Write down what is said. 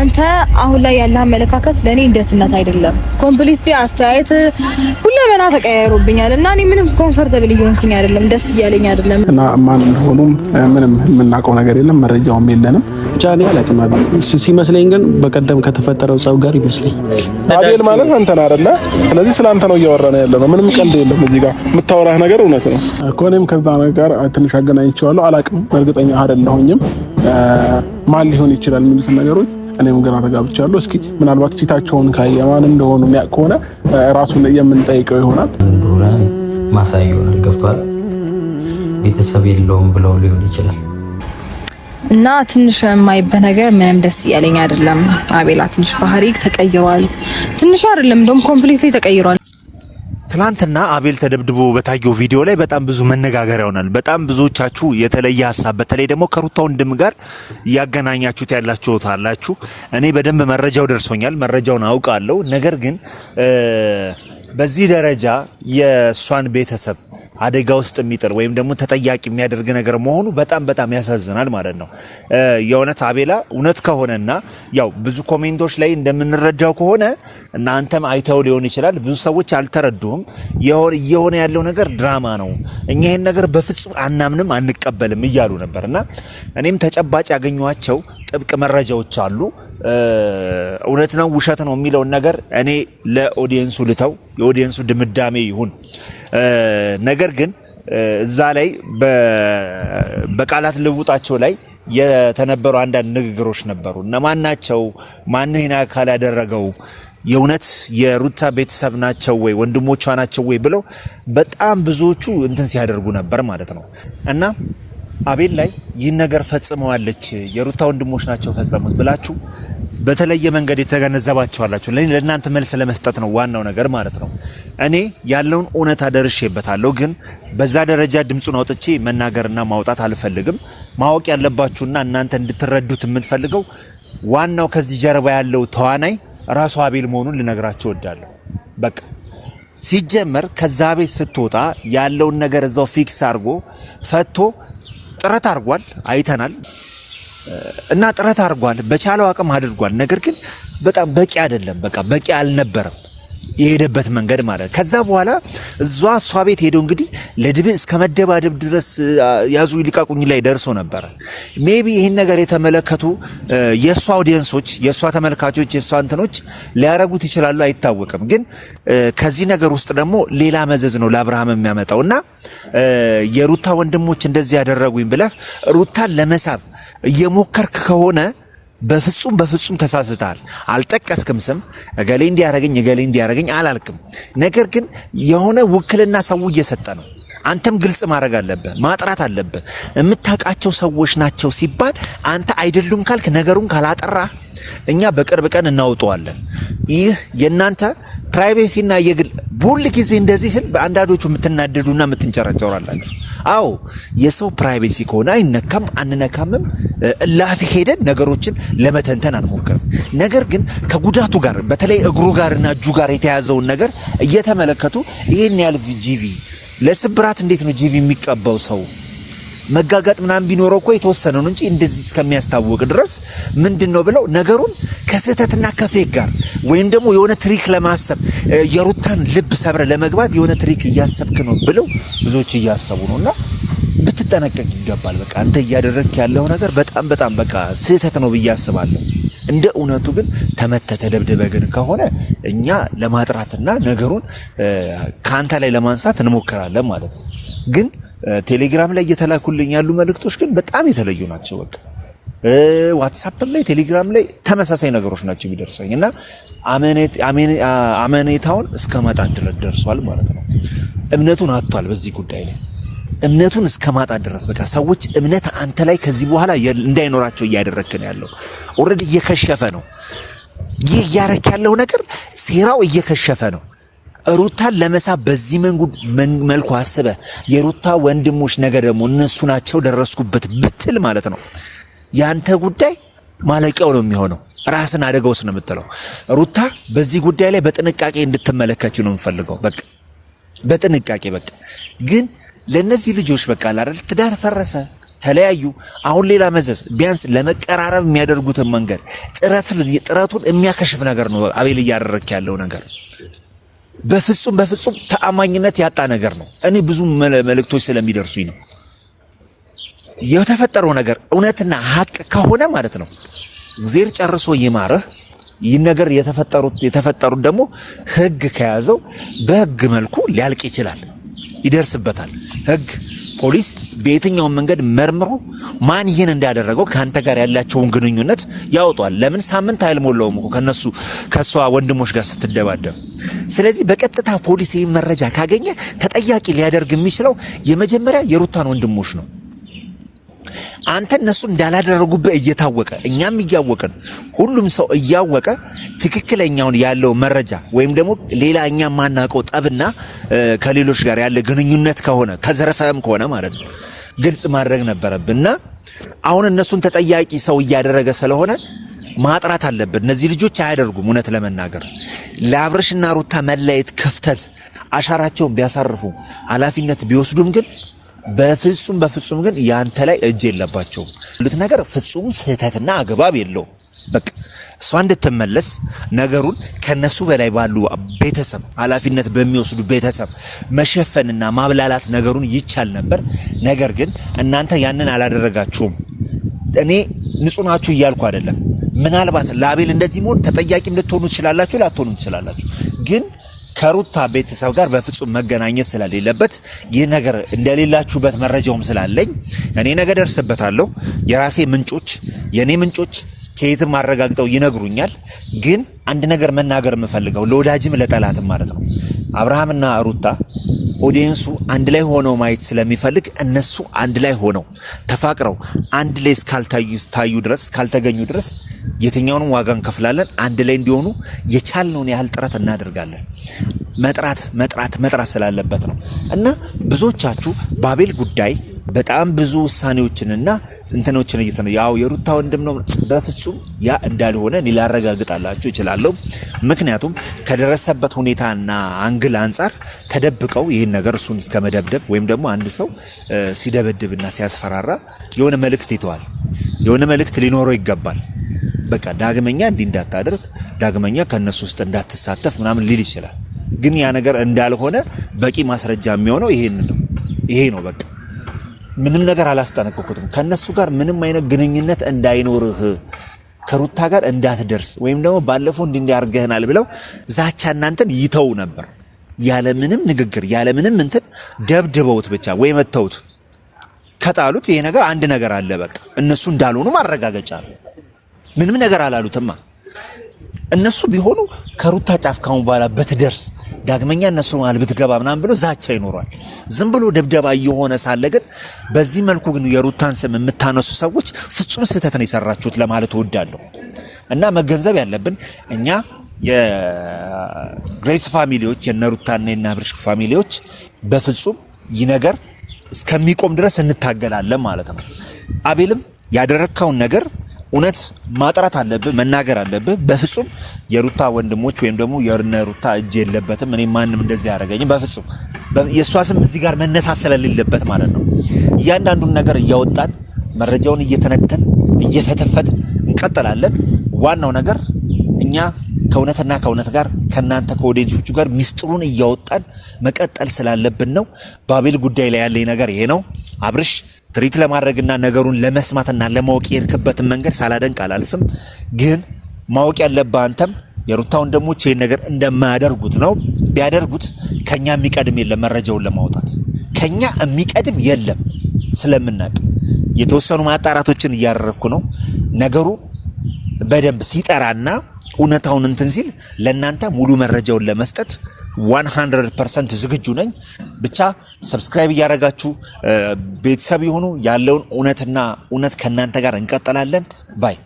አንተ አሁን ላይ ያለ አመለካከት ለኔ እንደትነት አይደለም። ኮምፕሊትሊ አስተያየት ሁለመና ተቀያይሮብኛል እና እኔ ምንም ኮምፎርታብል እየሆንኩኝ አይደለም፣ ደስ እያለኝ አይደለም። እና ማን ሆኖም ምንም የምናውቀው ነገር የለም፣ መረጃውም የለንም። ብቻ እኔ አላውቅም። ሲመስለኝ ግን በቀደም ከተፈጠረው ጸብ ጋር ይመስለኝ አቤል ማለት አንተ ነህ አይደለ? ስለዚህ ስለ አንተ ነው እያወራ ነው ያለ ነው። ምንም ቀልድ የለም እዚህ ጋር የምታወራህ ነገር እውነት ነው እኮ። እኔም ከዛ ነገር ትንሽ አገናኝቼዋለሁ። አላውቅም፣ እርግጠኛ አይደለሁኝም ማን ሊሆን ይችላል የሚሉትን ነገሮች እኔም ግራ ተጋብቻለሁ። እስኪ ምናልባት ፊታቸውን ካየ ማን እንደሆኑ የሚያውቅ ከሆነ ራሱን የምንጠይቀው ይሆናል። ማሳያ ይሆናል። ገብቷል። ቤተሰብ የለውም ብለው ሊሆን ይችላል። እና ትንሽ የማይበት ነገር ምንም ደስ እያለኝ አይደለም። አቤላ ትንሽ ባህሪ ተቀይሯል። ትንሽ አይደለም እንደውም ኮምፕሊትሊ ተቀይሯል። ትላንትና አቤል ተደብድቦ በታየው ቪዲዮ ላይ በጣም ብዙ መነጋገር ይሆናል። በጣም ብዙዎቻችሁ የተለየ ሀሳብ በተለይ ደግሞ ከሩታ ወንድም ጋር እያገናኛችሁት ያላችሁት አላችሁ። እኔ በደንብ መረጃው ደርሶኛል፣ መረጃውን አውቃለሁ። ነገር ግን በዚህ ደረጃ የእሷን ቤተሰብ አደጋ ውስጥ የሚጥር ወይም ደግሞ ተጠያቂ የሚያደርግ ነገር መሆኑ በጣም በጣም ያሳዝናል ማለት ነው። የእውነት አቤላ እውነት ከሆነና ያው ብዙ ኮሜንቶች ላይ እንደምንረዳው ከሆነ እናንተም አይተው ሊሆን ይችላል። ብዙ ሰዎች አልተረዱም። እየሆነ ያለው ነገር ድራማ ነው፣ እኛ ይህን ነገር በፍጹም አናምንም፣ አንቀበልም እያሉ ነበር እና እኔም ተጨባጭ ያገኟቸው ጥብቅ መረጃዎች አሉ። እውነት ነው ውሸት ነው የሚለውን ነገር እኔ ለኦዲየንሱ ልተው፣ የኦዲየንሱ ድምዳሜ ይሁን። ነገር ግን እዛ ላይ በቃላት ልውጣቸው ላይ የተነበሩ አንዳንድ ንግግሮች ነበሩ። እነማን ናቸው? ማነው ይህን አካል ያደረገው? የእውነት የሩታ ቤተሰብ ናቸው ወይ ወንድሞቿ ናቸው ወይ ብለው በጣም ብዙዎቹ እንትን ሲያደርጉ ነበር ማለት ነው እና አቤል ላይ ይህን ነገር ፈጽመዋለች፣ የሩታ ወንድሞች ናቸው ፈጸሙት ብላችሁ በተለየ መንገድ የተገነዘባችኋላችሁ ለእናንተ መልስ ለመስጠት ነው ዋናው ነገር ማለት ነው። እኔ ያለውን እውነታ ደርሼበታለሁ፣ ግን በዛ ደረጃ ድምፁን አውጥቼ መናገርና ማውጣት አልፈልግም። ማወቅ ያለባችሁና እናንተ እንድትረዱት የምንፈልገው ዋናው ከዚህ ጀርባ ያለው ተዋናይ ራሱ አቤል መሆኑን ልነግራችሁ እወዳለሁ። በቃ ሲጀመር ከዛ ቤት ስትወጣ ያለውን ነገር እዛው ፊክስ አድርጎ ፈቶ ጥረት አድርጓል፣ አይተናል እና ጥረት አድርጓል፣ በቻለው አቅም አድርጓል። ነገር ግን በጣም በቂ አይደለም፣ በቃ በቂ አልነበረም የሄደበት መንገድ ማለት ከዛ በኋላ እዟ እሷ ቤት ሄደው እንግዲህ ለድብን እስከ መደባደብ ድረስ ያዙ ይልቀቁኝ ላይ ደርሶ ነበረ። ሜቢ ይህን ነገር የተመለከቱ የእሷ አውዲየንሶች፣ የእሷ ተመልካቾች፣ የእሷ እንትኖች ሊያረጉት ይችላሉ፣ አይታወቅም። ግን ከዚህ ነገር ውስጥ ደግሞ ሌላ መዘዝ ነው ለአብርሃም የሚያመጣው እና የሩታ ወንድሞች እንደዚህ ያደረጉኝ ብለህ ሩታን ለመሳብ እየሞከርክ ከሆነ በፍጹም በፍጹም ተሳስተሃል። አልጠቀስክም ስም እገሌ እንዲያረገኝ እገሌ እንዲያረገኝ አላልክም። ነገር ግን የሆነ ውክልና ሰው እየሰጠ ነው። አንተም ግልጽ ማድረግ አለብህ፣ ማጥራት አለብህ። የምታውቃቸው ሰዎች ናቸው ሲባል አንተ አይደሉም ካልክ ነገሩን ካላጠራ እኛ በቅርብ ቀን እናውጠዋለን። ይህ የእናንተ ፕራይቬሲና የግል ሁል ጊዜ እንደዚህ ስል በአንዳንዶቹ የምትናደዱና የምትንጨረጨራላችሁ። አዎ የሰው ፕራይቬሲ ከሆነ አይነካም፣ አንነካምም። እላፊ ሄደን ነገሮችን ለመተንተን አንሞክርም። ነገር ግን ከጉዳቱ ጋር በተለይ እግሩ ጋርና እጁ ጋር የተያዘውን ነገር እየተመለከቱ ይህን ያህል ጂቪ ለስብራት እንዴት ነው ጂቪ የሚቀባው ሰው? መጋጋጥ ምናምን ቢኖረው እኮ የተወሰነ ነው እንጂ እንደዚህ እስከሚያስታውቅ ድረስ ምንድን ነው ብለው ነገሩን ከስህተትና ከፌክ ጋር ወይም ደግሞ የሆነ ትሪክ ለማሰብ የሩታን ልብ ሰብረ ለመግባት የሆነ ትሪክ እያሰብክ ነው ብለው ብዙዎች እያሰቡ ነው እና ብትጠነቀቅ ይገባል። በቃ አንተ እያደረግክ ያለው ነገር በጣም በጣም በቃ ስህተት ነው ብዬ አስባለሁ። እንደ እውነቱ ግን ተመተህ ተደብድበህ ግን ከሆነ እኛ ለማጥራትና ነገሩን ከአንተ ላይ ለማንሳት እንሞክራለን ማለት ነው። ግን ቴሌግራም ላይ እየተላኩልኝ ያሉ መልእክቶች ግን በጣም የተለዩ ናቸው። በቃ ዋትሳፕ ላይ ቴሌግራም ላይ ተመሳሳይ ነገሮች ናቸው የሚደርሰኝ እና አመኔታውን እስከ ማጣት ድረስ ደርሷል ማለት ነው። እምነቱን አጥቷል በዚህ ጉዳይ ላይ እምነቱን እስከ ማጣት ድረስ በቃ ሰዎች እምነት አንተ ላይ ከዚህ በኋላ እንዳይኖራቸው እያደረክ ነው ያለው። ኦልሬዲ እየከሸፈ ነው። ይህ እያረክ ያለው ነገር ሴራው እየከሸፈ ነው። ሩታን ለመሳብ በዚህ መልኩ አስበ የሩታ ወንድሞች ነገር ደግሞ እነሱ ናቸው ደረስኩበት ብትል ማለት ነው ያንተ ጉዳይ ማለቂያው ነው የሚሆነው። ራስን አደጋ ውስጥ ነው የምትለው። ሩታ በዚህ ጉዳይ ላይ በጥንቃቄ እንድትመለከች ነው የምፈልገው። በቃ በጥንቃቄ በቃ ግን ለእነዚህ ልጆች በቃ አይደል ትዳር ፈረሰ፣ ተለያዩ። አሁን ሌላ መዘዝ። ቢያንስ ለመቀራረብ የሚያደርጉትን መንገድ ጥረቱን የሚያከሽፍ ነገር ነው። አቤል እያደረክ ያለው ነገር በፍጹም በፍጹም ተአማኝነት ያጣ ነገር ነው። እኔ ብዙ መልእክቶች ስለሚደርሱኝ ነው የተፈጠረው ነገር እውነትና ሀቅ ከሆነ ማለት ነው። እግዜር ጨርሶ ይማርህ። ይህ ነገር የተፈጠሩት ደግሞ ህግ ከያዘው በህግ መልኩ ሊያልቅ ይችላል። ይደርስበታል። ህግ ፖሊስ በየትኛውን መንገድ መርምሮ ማን ይህን እንዳደረገው ከአንተ ጋር ያላቸውን ግንኙነት ያወጧል። ለምን ሳምንት አልሞላውም እኮ ከነሱ ከእሷ ወንድሞች ጋር ስትደባደብ። ስለዚህ በቀጥታ ፖሊስ ይህን መረጃ ካገኘ ተጠያቂ ሊያደርግ የሚችለው የመጀመሪያ የሩታን ወንድሞች ነው። አንተ እነሱ እንዳላደረጉብህ እየታወቀ እኛም እያወቅን ሁሉም ሰው እያወቀ ትክክለኛውን ያለው መረጃ ወይም ደግሞ ሌላ እኛ የማናውቀው ጠብና ከሌሎች ጋር ያለ ግንኙነት ከሆነ ተዘረፈም ከሆነ ማለት ነው ግልጽ ማድረግ ነበረብንና አሁን እነሱን ተጠያቂ ሰው እያደረገ ስለሆነ ማጥራት አለብን። እነዚህ ልጆች አያደርጉም። እውነት ለመናገር ለአብርሽና ሩታ መለየት ክፍተት አሻራቸውን ቢያሳርፉ ኃላፊነት ቢወስዱም ግን በፍጹም በፍጹም ግን ያንተ ላይ እጅ የለባቸውም። ሁሉት ነገር ፍጹም ስህተትና አግባብ የለውም። በቃ እሷ እንድትመለስ ነገሩን ከነሱ በላይ ባሉ ቤተሰብ ኃላፊነት በሚወስዱ ቤተሰብ መሸፈንና ማብላላት ነገሩን ይቻል ነበር። ነገር ግን እናንተ ያንን አላደረጋችሁም። እኔ ንጹሕ ናችሁ እያልኩ አይደለም። ምናልባት ለአቤል እንደዚህ መሆን ተጠያቂም ልትሆኑ ትችላላችሁ፣ ላትሆኑ ትችላላችሁ ግን ከሩታ ቤተሰብ ጋር በፍጹም መገናኘት ስለሌለበት ይህ ነገር እንደሌላችሁበት መረጃውም ስላለኝ እኔ ነገ ደርስበታለሁ። የራሴ ምንጮች የእኔ ምንጮች ከየትም አረጋግጠው ይነግሩኛል። ግን አንድ ነገር መናገር የምፈልገው ለወዳጅም ለጠላትም ማለት ነው አብርሃምና ሩታ ኦዲየንሱ አንድ ላይ ሆነው ማየት ስለሚፈልግ እነሱ አንድ ላይ ሆነው ተፋቅረው አንድ ላይ እስካልታዩ ድረስ እስካልተገኙ ድረስ የትኛውንም ዋጋ እንከፍላለን። አንድ ላይ እንዲሆኑ የቻልነውን ያህል ጥረት እናደርጋለን። መጥራት መጥራት መጥራት ስላለበት ነው እና ብዙዎቻችሁ ባቤል ጉዳይ በጣም ብዙ ውሳኔዎችንና እንትኖችን እይተ ነው ያው የሩታ ወንድም ነው። በፍጹም ያ እንዳልሆነ እኔ ላረጋግጣላችሁ እችላለሁ። ምክንያቱም ከደረሰበት ሁኔታና አንግል አንጻር ተደብቀው ይህን ነገር እሱን እስከ መደብደብ ወይም ደግሞ አንድ ሰው ሲደበድብና ሲያስፈራራ የሆነ መልእክት ይተዋል። የሆነ መልእክት ሊኖረው ይገባል። በቃ ዳግመኛ እንዲህ እንዳታደርግ፣ ዳግመኛ ከእነሱ ውስጥ እንዳትሳተፍ ምናምን ሊል ይችላል። ግን ያ ነገር እንዳልሆነ በቂ ማስረጃ የሚሆነው ይሄን ነው። ይሄ ነው በቃ ምንም ነገር አላስጠነቅኩትም ከነሱ ጋር ምንም አይነት ግንኙነት እንዳይኖርህ ከሩታ ጋር እንዳትደርስ ወይም ደግሞ ባለፈው እንዲህ እንዲያርገህናል ብለው ዛቻ እናንተን ይተው ነበር። ያለምንም ንግግር ያለምንም እንትን ደብድበውት ብቻ ወይ መተውት ከጣሉት ይሄ ነገር አንድ ነገር አለ። በቃ እነሱ እንዳልሆኑ ማረጋገጫ ነው። ምንም ነገር አላሉትማ። እነሱ ቢሆኑ ከሩታ ጫፍ ካሁን በኋላ በትደርስ ዳግመኛ እነሱ መሃል ብትገባ ምናምን ብሎ ዛቻ ይኖሯል። ዝም ብሎ ደብደባ እየሆነ ሳለ ግን በዚህ መልኩ ግን የሩታን ስም የምታነሱ ሰዎች ፍጹም ስህተት ነው የሰራችሁት ለማለት እወዳለሁ። እና መገንዘብ ያለብን እኛ የግሬስ ፋሚሊዎች የነሩታና የናብርሽ ፋሚሊዎች በፍጹም ይህ ነገር እስከሚቆም ድረስ እንታገላለን ማለት ነው። አቤልም ያደረግከውን ነገር እውነት ማጥራት አለብህ፣ መናገር አለብህ። በፍጹም የሩታ ወንድሞች ወይም ደግሞ የነ ሩታ እጅ የለበትም። እኔ ማንም እንደዚህ አያደርገኝም። በፍጹም የእሷ ስም እዚህ ጋር መነሳት ማለት ነው። እያንዳንዱን ነገር እያወጣን መረጃውን እየተነተን እየፈተፈትን እንቀጥላለን። ዋናው ነገር እኛ ከእውነትና ከእውነት ጋር ከእናንተ ከኦዲየንሶቹ ጋር ሚስጥሩን እያወጣን መቀጠል ስላለብን ነው። ባቤል ጉዳይ ላይ ያለኝ ነገር ይሄ ነው። አብርሽ ትሪት ለማድረግና ነገሩን ለመስማትና ለማወቅ የሄድክበትን መንገድ ሳላደንቅ አላልፍም። ግን ማወቅ ያለብህ አንተም የሩታ ወንድሞች ይህን ነገር እንደማያደርጉት ነው። ቢያደርጉት ከኛ የሚቀድም የለም፣ መረጃውን ለማውጣት ከኛ የሚቀድም የለም። ስለምናቅ የተወሰኑ ማጣራቶችን እያደረግኩ ነው። ነገሩ በደንብ ሲጠራና እውነታውን እንትን ሲል ለእናንተ ሙሉ መረጃውን ለመስጠት 100 ፐርሰንት ዝግጁ ነኝ ብቻ ሰብስክራይብ እያደረጋችሁ ቤተሰብ የሆኑ ያለውን እውነትና እውነት ከእናንተ ጋር እንቀጥላለን ባይ